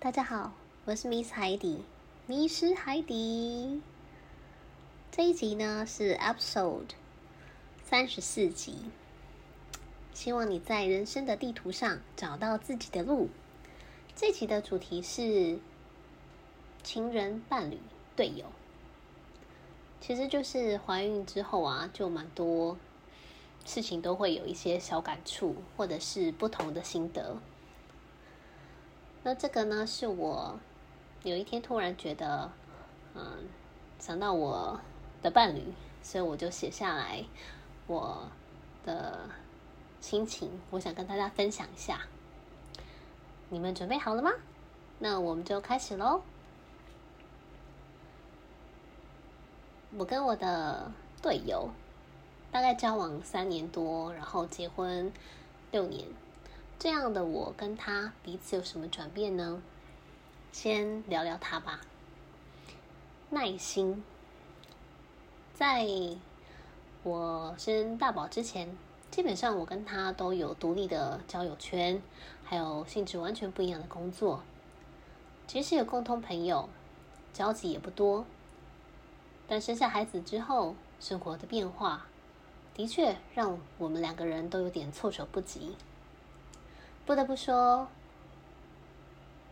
大家好，我是 Miss 海底，迷失海底。這一集呢是 Episode 三十四集，希望你在人生的地圖上找到自己的路。這集的主題是情人、伴侶、隊友，其實就是懷孕之後啊，就蠻多事情都會有一些小感觸，或者是不同的心得。那這個呢，是我有一天突然覺得，嗯，想到我的伴侶，所以我就寫下來我的心情，我想跟大家分享一下。你們準備好了嗎？那我們就開始嘍。我跟我的隊友大概交往三年多，然後結婚六年。這樣的我跟他彼此有什麼轉變呢？先聊聊他吧。耐心，在我生大寶之前，基本上我跟他都有獨立的交友圈，還有性質完全不一樣的工作，即使有共同朋友，交集也不多。但生下孩子之後，生活的變化的確讓我們兩個人都有點措手不及。不得不說，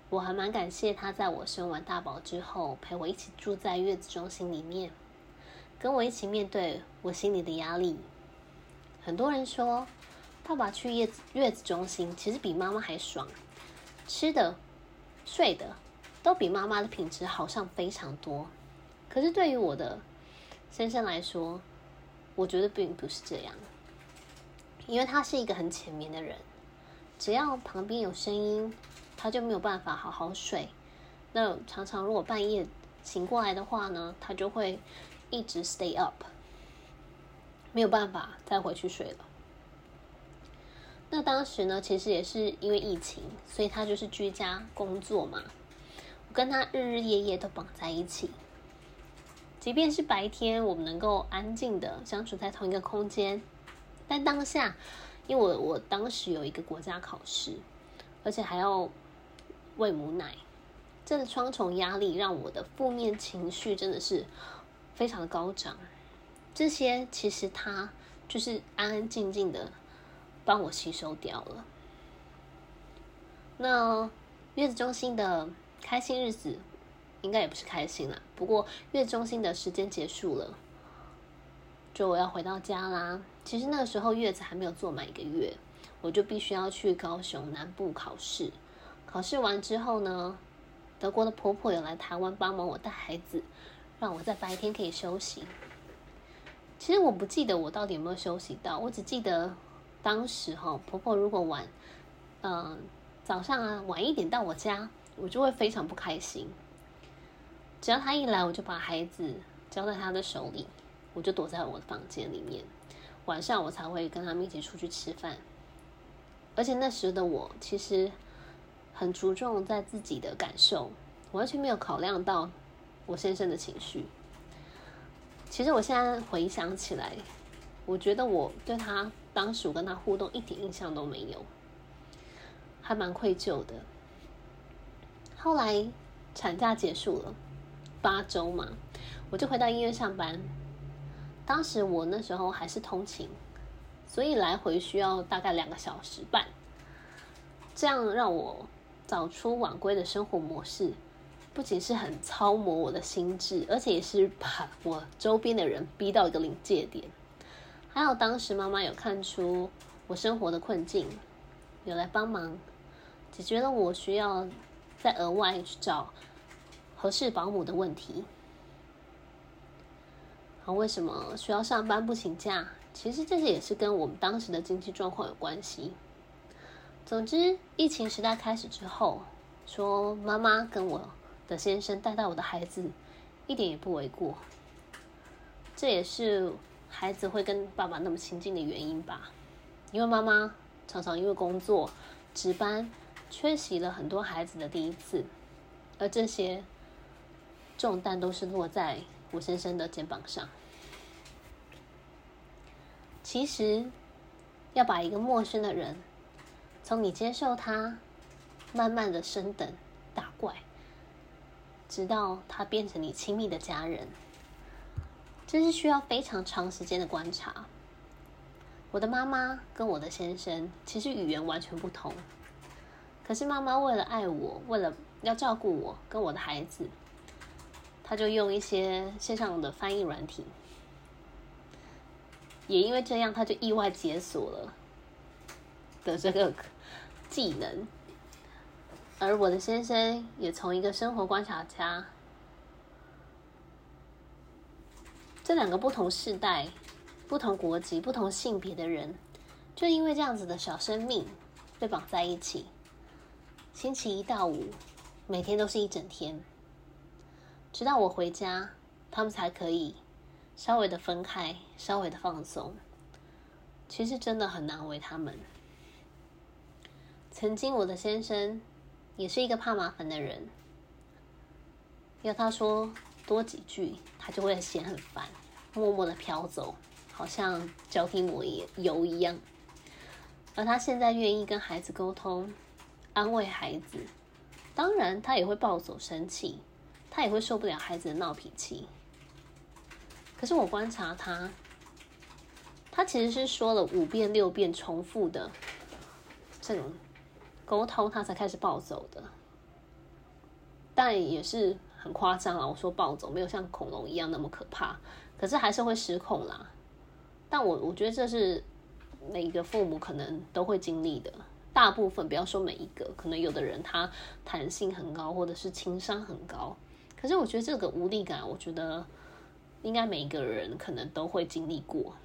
我還蠻感謝他，在我生完大寶之後，陪我一起住在月子中心裡面，跟我一起面對我心裡的壓力。很多人說，爸爸去月子月子中心其實比媽媽還爽，吃的、睡的都比媽媽的品質好上非常多。可是對於我的先生來說，我覺得並不是這樣，因為他是一個很淺眠的人。只要旁邊有聲音，他就沒有辦法好好睡。那常常如果半夜醒過來的話呢，他就會一直 stay up，沒有辦法再回去睡了。那當時呢，其實也是因為疫情，所以他就是居家工作嘛。我跟他日日夜夜都綁在一起，即便是白天，我們能夠安靜的相處在同一個空間，但當下，因為我我當時有一個國家考試，而且還要餵母奶，這雙重壓力讓我的負面情緒真的是非常的高漲。這些其實他就是安安靜靜的幫我吸收掉了。那月子中心的開心日子應該也不是開心啦，不過月子中心的時間結束了。就我要回到家啦。其實那個時候月子還沒有坐滿一個月，我就必須要去高雄南部考試。考試完之後呢，德國的婆婆有來台灣幫忙我帶孩子，讓我在白天可以休息。其實我不記得我到底有沒有休息到，我只記得當時哈、哦，婆婆如果晚，嗯、呃，早上啊晚一點到我家，我就會非常不開心。只要她一來，我就把孩子交在她的手裡。我就躲在我的房間裡面，晚上我才會跟他們一起出去吃飯。而且那時的我其實很注重在自己的感受，我完全沒有考量到我先生的情緒。其實我現在回想起來，我覺得我對他當時我跟他互動一點印象都沒有，還蠻愧疚的。後來產假結束了八周嘛，我就回到醫院上班。當時我那時候還是通勤，所以來回需要大概兩個小時半，這樣讓我早出晚歸的生活模式，不僅是很消磨我的心智，而且也是把我周邊的人逼到一個臨界點。還好當時媽媽有看出我生活的困境，有來幫忙，解決了我需要再額外去找合適保姆的問題。啊，為什麼需要上班不請假？其實這些也是跟我們當時的經濟狀況有關係。總之，疫情時代開始之後，說媽媽跟我的先生帶到我的孩子，一點也不為過。這也是孩子會跟爸爸那麼親近的原因吧？因為媽媽常常因為工作值班缺席了很多孩子的第一次，而這些重擔都是落在。我先生的肩膀上，其實要把一個陌生的人從你接受他，慢慢的升等打怪，直到他變成你親密的家人，真是需要非常長時間的觀察。我的媽媽跟我的先生其實語言完全不同，可是媽媽為了愛我，為了要照顧我跟我的孩子。他就用一些線上的翻譯軟體，也因為這樣，他就意外解鎖了的這個技能。而我的先生也從一個生活觀察家，這兩個不同世代、不同國籍、不同性別的人，就因為這樣子的小生命被綁在一起。星期一到五，每天都是一整天。直到我回家，他們才可以稍微的分開，稍微的放鬆。其實真的很難為他們。曾經我的先生也是一個怕麻煩的人，要他說多幾句，他就會嫌很煩，默默的飄走，好像腳底抹油一樣。而他現在願意跟孩子溝通，安慰孩子，當然他也會暴走生氣。他也會受不了孩子的鬧脾氣，可是我觀察他，他其實是說了五遍六遍重複的這種溝通，他才開始暴走的。但也是很誇張啊，我說暴走沒有像恐龍一樣那麼可怕，可是還是會失控啦。但我我覺得這是每一個父母可能都會經歷的，大部分不要說每一個，可能有的人他彈性很高，或者是情商很高。可是，我覺得這個無力感，我覺得應該每一個人可能都會經歷過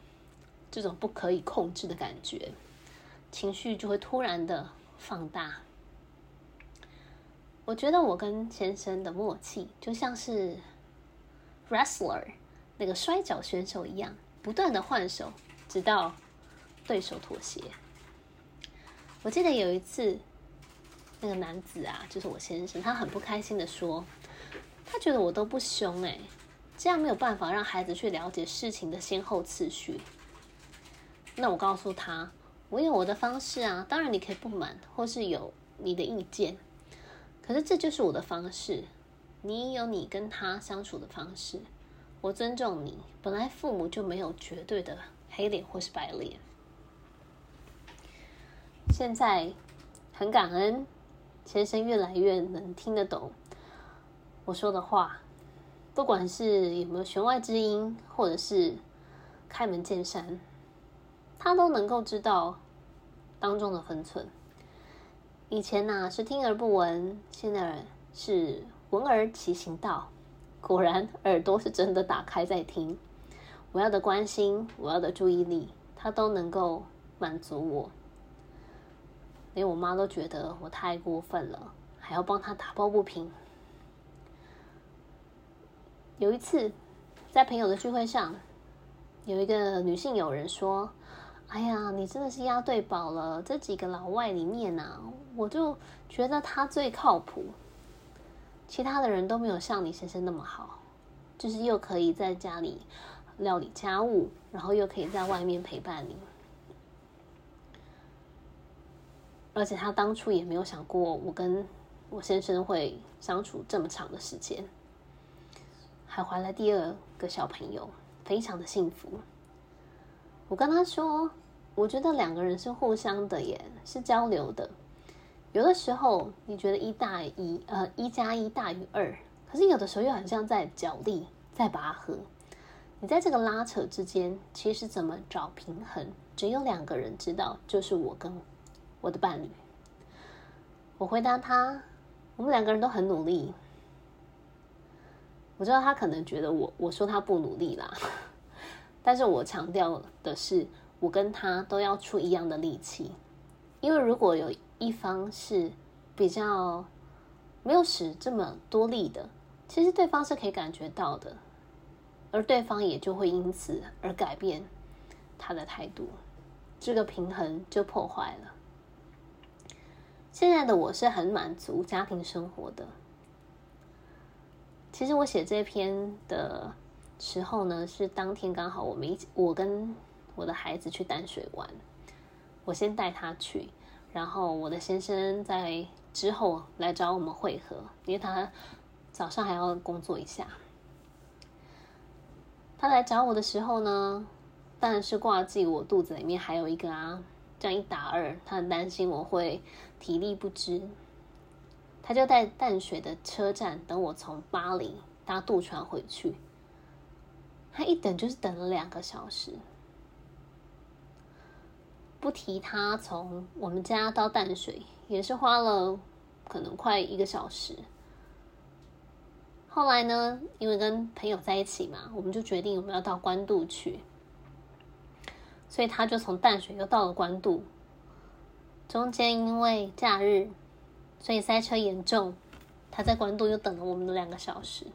這種不可以控制的感覺，情緒就會突然的放大。我覺得我跟先生的默契就像是 Wrestler 那個摔跤選手一樣，不斷的換手，直到對手妥協。我記得有一次，那個男子啊，就是我先生，他很不開心的說。他覺得我都不凶哎，這樣沒有辦法讓孩子去了解事情的先後次序。那我告訴他，我有我的方式啊，當然你可以不滿或是有你的意見，可是這就是我的方式。你有你跟他相處的方式，我尊重你。本來父母就沒有絕對的黑臉或是白臉。現在很感恩，先生越來越能聽得懂。我說的話，不管是有沒有弦外之音，或者是開門見山，他都能夠知道當中的分寸。以前呢、啊、是聽而不聞，現在是聞而其行道。果然，耳朵是真的打開在聽。我要的關心，我要的注意力，他都能夠滿足我。連我媽都覺得我太過分了，還要幫他打抱不平。有一次，在朋友的聚會上，有一個女性友人說：“哎呀，你真的是押對寶了！這幾個老外裡面呢、啊，我就覺得他最靠譜，其他的人都沒有像你先生那麼好，就是又可以在家裡料理家務，然後又可以在外面陪伴你。而且他當初也沒有想過，我跟我先生會相處這麼長的時間。”還懷了第二個小朋友，非常的幸福。我跟他說，我覺得兩個人是互相的耶，是交流的。有的時候你覺得一大一，呃，一加一大於二，可是有的時候又很像在角力，在拔河。你在這個拉扯之間，其實怎麼找平衡，只有兩個人知道，就是我跟我的伴侶。我回答他，我們兩個人都很努力。我知道他可能覺得我，我說他不努力啦，但是我強調的是，我跟他都要出一樣的力氣，因為如果有一方是比較沒有使這麼多力的，其實對方是可以感覺到的，而對方也就會因此而改變他的態度，這個平衡就破壞了。現在的我是很滿足家庭生活的。其實我寫這篇的時候呢，是當天剛好我們一起，我跟我的孩子去淡水玩，我先帶他去，然後我的先生在之後來找我們匯合，因為他早上還要工作一下。他來找我的時候呢，當然是掛記我肚子裡面還有一個啊，這樣一打二，他很擔心我會體力不支。他就在淡水的車站等我從八里搭渡船回去，他一等就是等了兩個小時。不提他從我們家到淡水也是花了可能快一個小時。後來呢，因為跟朋友在一起嘛，我們就決定我們要到關渡去，所以他就從淡水又到了關渡。中間因為假日。所以塞車嚴重，他在官渡又等了我們兩個小時，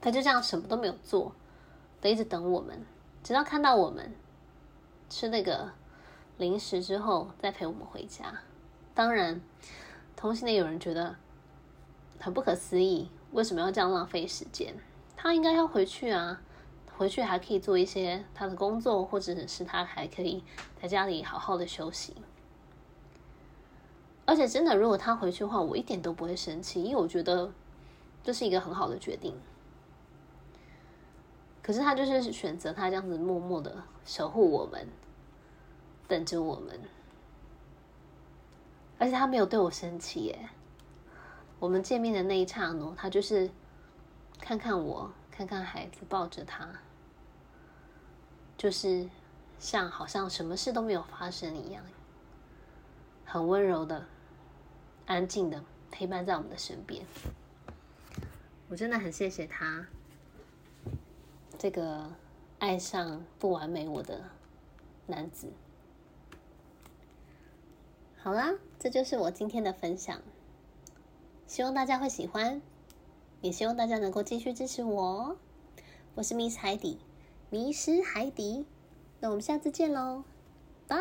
他就這樣什麼都沒有做，他一直等我們，直到看到我們吃那個零食之後，再陪我們回家。當然，同行的有人覺得很不可思議，為什麼要這樣浪費時間？他應該要回去啊，回去還可以做一些他的工作，或者是他還可以在家裡好好的休息。而且真的，如果他回去的話，我一點都不會生氣，因為我覺得這是一個很好的決定。可是他就是選擇他這樣子默默的守護我們，等着我們。而且他沒有對我生氣耶。我們見面的那一剎那，他就是看看我，看看孩子，抱着他，就是像好像什麼事都沒有發生一樣，很溫柔的。安靜的陪伴在我們的身邊，我真的很謝謝他。這個愛上不完美我的男子。好啦，這就是我今天的分享，希望大家會喜歡，也希望大家能夠繼續支持我。我是 Miss 海底，迷失海底，那我們下次見嘍，拜。